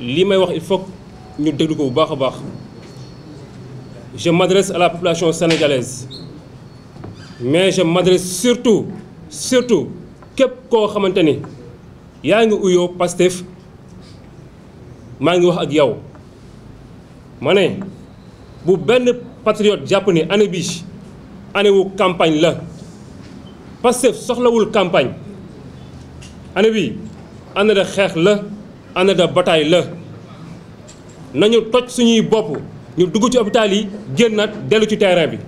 li may wax il faut ñu déglu ko bu baax a baax je m'adresse à la population sénégalaise mais je m'adresse surtout surtout képp koo xamante ni yaa ngi uyoo Pastef maa ngi wax ak yow ma ne bu benn patriote jàpp ni année bii année wu campagne la Pastef soxlawul campagne année bi année xeex la. another bataille la nañu toj suñuy bopp ñu dugg ci hôpital yi génnaat dellu ci terrain bi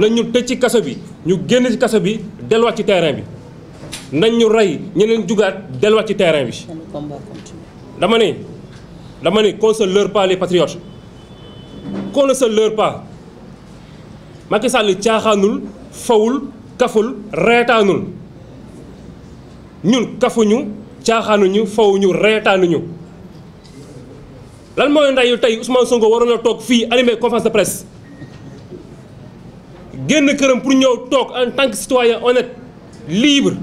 na ñu tëj ci kaso bi ñu génn ci kaso bi delluwaat ci terrain bi nañ ñu rey ñeneen jugaat delluwaat ci terrain bi dama ne dama ne qu'on ne se leurre pas les patriotes qu'on ne se caaxaanul fawul kaful reetaanul ñun kafuñu ñu caaxaanuñu fawuñu reetaanuñu lan mooy ndeyu tey Ousmane Sonko waroon toog fii animé conférence de presse génn këram pour ñëw toog en tant que citoyen honnête libre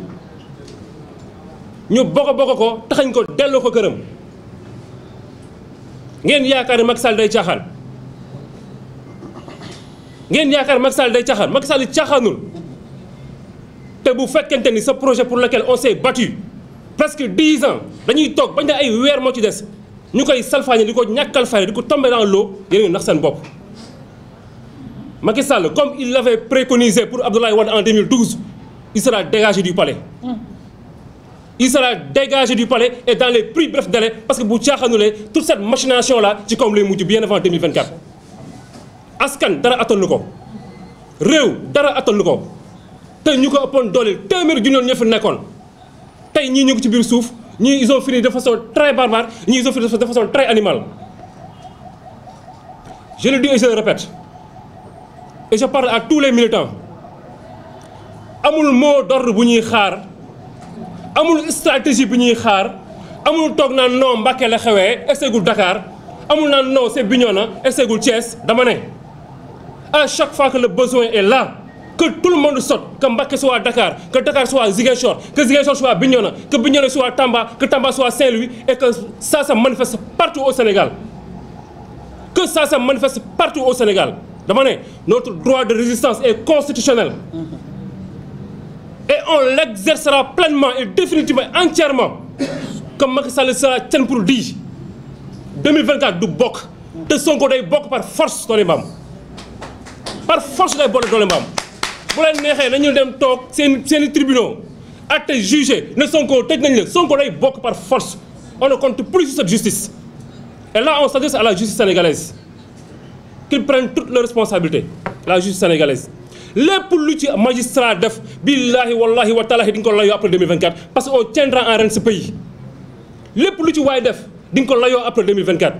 ñu boko boko ko taxañ ko delloo ko këram ngeen yaakaar ne day caaxaan ngeen yaakaar Macky day caaxaan Macky Sall caaxaanul te bu fekkente ni sa projet pour lequel on s'est battu presque dix ans dañuy toog bañ ne ay weer moo ci des ñu koy salfaañe di ko ñàkkal fay di ko tomber dans l'eau yéen nax seen bopp. Macky Sall comme il l'avait préconisé pour Abdoulaye Wade en 2012 il sera dégagé du palais. Hmm. il sera dégagé du palais et dans les plus brefs délais parce que bu caaxaanulee toute cette machination là ci kawam lay mujj bien avant 2024. askan dara attanu ko réew dara attanu ko te ñu ko ëppoon doole téeméer junni ñoo fi nekkoon. tey ñii ñu ngi ci biir suuf ñii ils ont fini de façon très barbare ñii ils ont fini de façon très animale je le dis et je parle à tous les militants amul moo d'ordre bu ñuy xaar amul stratégie bu ñuy xaar amul toog naan non Mbacké la xewee esegul Dakar amul naan non c'est Bignona esegul Thiès dama ne à chaque fois que le besoin est là que tout le monde saute, que Mbaké soit à Dakar, que Dakar soit à Ziguinchor, que Ziguinchor soit à Bignona, que Bignona soit à Tamba, que Tamba soit à Saint-Louis, et que ça se manifeste partout au Sénégal. Que ça se manifeste partout au Sénégal. Demandez, notre droit de résistance est constitutionnel. Et on l'exercera pleinement et définitivement, entièrement, comme Macky Sall sera tienne pour di 2024 du bokk. te Sonko day bokk par force doole par force day bokk bu leen neexee nañu dem toog seen seen i tribunaux atte jugé ne Sonko tëj nañ la Sonko day bokk par force on ne compte plus sur cette justice et on s'adresse à la justice sénégalaise qu'ils prennent toutes leurs responsabilités la justice sénégalaise lépp lu ci magistrat def billahi wallahi wa taalahi di nga ko layoo après 2024 parce que on tiendra en règne ce pays lépp lu ci waay def di nga ko layoo après 2024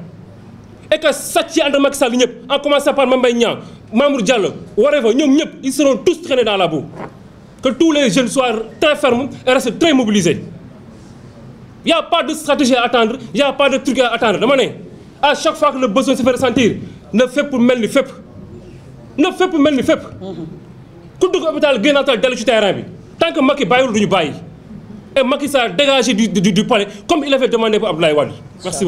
et que sàcc yi ànd ak Macky Sall ñëpp en commençant par Mame Mbaye Niang Mamour Diallo whatever ñoom ñëpp ils seront tous traînés dans la boue que tous les jeunes soient très fermes et restent très mobilisés y' pas de stratégie à attendre y' a pas de truc à attendre dama ne à chaque fois que le besoin se fait ressentir na mel ni fépp na fépp mel ni fépp. ku dugg hôpital génnatal dellu ci terrain bi tant que Macky bàyyiwul du ñu bàyyi et Macky Sall du du du comme il avait demandé pour Abdoulaye Wade merci